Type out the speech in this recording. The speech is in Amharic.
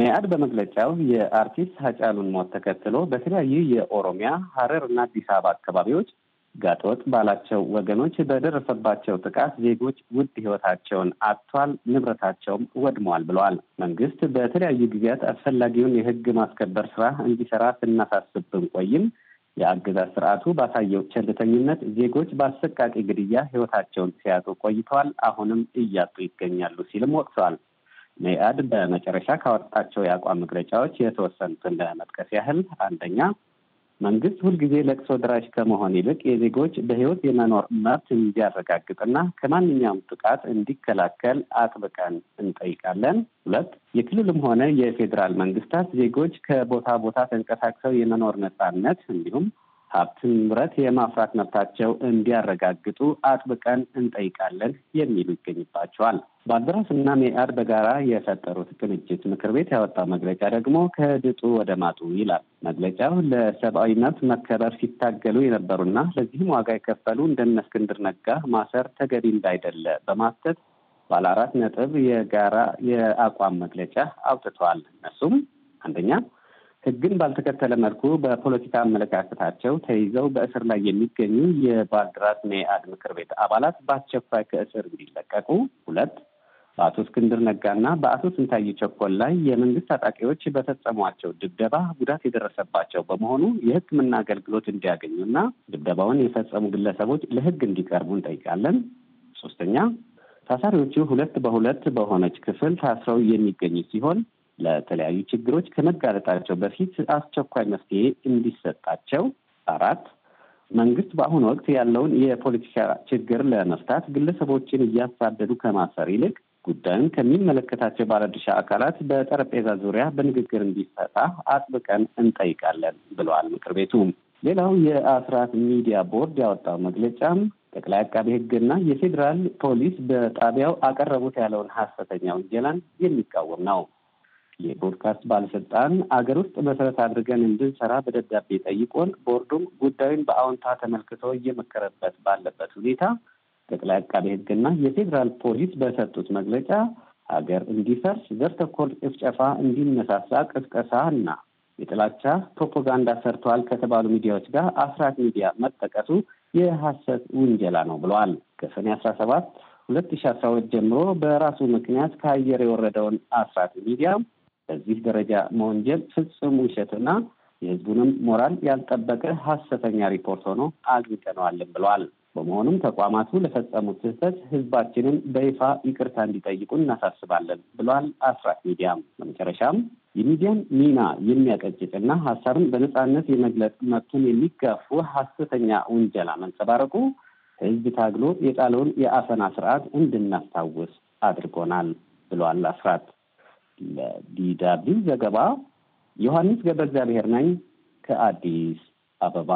መኢአድ በመግለጫው የአርቲስት ሀጫሉን ሞት ተከትሎ በተለያዩ የኦሮሚያ ሀረር እና አዲስ አበባ አካባቢዎች ጋጠወጥ ባላቸው ወገኖች በደረሰባቸው ጥቃት ዜጎች ውድ ህይወታቸውን አጥቷል፣ ንብረታቸውም ወድመዋል ብለዋል። መንግስት በተለያዩ ጊዜያት አስፈላጊውን የህግ ማስከበር ስራ እንዲሰራ ስናሳስብ ብንቆይም የአገዛዝ ስርዓቱ ባሳየው ቸልተኝነት ዜጎች በአሰቃቂ ግድያ ህይወታቸውን ሲያጡ ቆይተዋል፣ አሁንም እያጡ ይገኛሉ ሲልም ወቅሰዋል። መኢአድ በመጨረሻ ካወጣቸው የአቋም መግለጫዎች የተወሰኑትን ለመጥቀስ ያህል አንደኛ መንግስት ሁልጊዜ ለቅሶ ድራሽ ከመሆን ይልቅ የዜጎች በህይወት የመኖር መብት እንዲያረጋግጥና ከማንኛውም ጥቃት እንዲከላከል አጥብቀን እንጠይቃለን። ሁለት የክልልም ሆነ የፌዴራል መንግስታት ዜጎች ከቦታ ቦታ ተንቀሳቅሰው የመኖር ነፃነት እንዲሁም ሀብትን ንብረት የማፍራት መብታቸው እንዲያረጋግጡ አጥብቀን እንጠይቃለን የሚሉ ይገኝባቸዋል። ባልደራስና ሜአድ በጋራ የፈጠሩት ቅንጅት ምክር ቤት ያወጣው መግለጫ ደግሞ ከድጡ ወደ ማጡ ይላል። መግለጫው ለሰብአዊ መብት መከበር ሲታገሉ የነበሩና ለዚህም ዋጋ የከፈሉ እንደነ እስክንድር ነጋ ማሰር ተገቢ እንዳይደለ በማስተት ባለ አራት ነጥብ የጋራ የአቋም መግለጫ አውጥተዋል። እነሱም አንደኛ ህግን ባልተከተለ መልኩ በፖለቲካ አመለካከታቸው ተይዘው በእስር ላይ የሚገኙ የባልደራስ መኢአድ ምክር ቤት አባላት በአስቸኳይ ከእስር እንዲለቀቁ፣ ሁለት በአቶ እስክንድር ነጋና በአቶ ስንታይ ቸኮል ላይ የመንግስት ታጣቂዎች በፈጸሟቸው ድብደባ ጉዳት የደረሰባቸው በመሆኑ የሕክምና አገልግሎት እንዲያገኙና ድብደባውን የፈጸሙ ግለሰቦች ለህግ እንዲቀርቡ እንጠይቃለን። ሶስተኛ ታሳሪዎቹ ሁለት በሁለት በሆነች ክፍል ታስረው የሚገኙ ሲሆን ለተለያዩ ችግሮች ከመጋለጣቸው በፊት አስቸኳይ መፍትሄ እንዲሰጣቸው። አራት መንግስት በአሁኑ ወቅት ያለውን የፖለቲካ ችግር ለመፍታት ግለሰቦችን እያሳደዱ ከማሰር ይልቅ ጉዳዩን ከሚመለከታቸው ባለድርሻ አካላት በጠረጴዛ ዙሪያ በንግግር እንዲፈታ አጥብቀን እንጠይቃለን ብለዋል ምክር ቤቱ። ሌላው የአስራት ሚዲያ ቦርድ ያወጣው መግለጫም ጠቅላይ አቃቤ ሕግና የፌዴራል ፖሊስ በጣቢያው አቀረቡት ያለውን ሀሰተኛ ውንጀላን የሚቃወም ነው። የብሮድካስት ባለስልጣን አገር ውስጥ መሰረት አድርገን እንድንሰራ በደብዳቤ ጠይቆን ቦርዱም ጉዳዩን በአዎንታ ተመልክቶ እየመከረበት ባለበት ሁኔታ ጠቅላይ አቃቤ ሕግና የፌዴራል ፖሊስ በሰጡት መግለጫ ሀገር እንዲፈርስ ዘር ተኮር ጭፍጨፋ እንዲነሳሳ ቅስቀሳ እና የጥላቻ ፕሮፓጋንዳ ሰርተዋል ከተባሉ ሚዲያዎች ጋር አስራት ሚዲያ መጠቀሱ የሐሰት ውንጀላ ነው ብለዋል። ከሰኔ አስራ ሰባት ሁለት ሺ አስራ ሁለት ጀምሮ በራሱ ምክንያት ከአየር የወረደውን አስራት ሚዲያ በዚህ ደረጃ መወንጀል ፍጹም ውሸትና የህዝቡንም ሞራል ያልጠበቀ ሀሰተኛ ሪፖርት ሆኖ አግኝተነዋልን ብለዋል። በመሆኑም ተቋማቱ ለፈጸሙት ስህተት ህዝባችንን በይፋ ይቅርታ እንዲጠይቁ እናሳስባለን ብለዋል። አስራት ሚዲያም በመጨረሻም የሚዲያን ሚና የሚያቀጭጭና ሀሳብን በነፃነት የመግለጽ መብቱን የሚጋፉ ሀሰተኛ ውንጀላ መንጸባረቁ ህዝብ ታግሎ የጣለውን የአፈና ስርዓት እንድናስታውስ አድርጎናል ብለዋል አስራት ለዲደብሊው ዘገባ ዮሐንስ ገብረ እግዚአብሔር ነኝ ከአዲስ አበባ።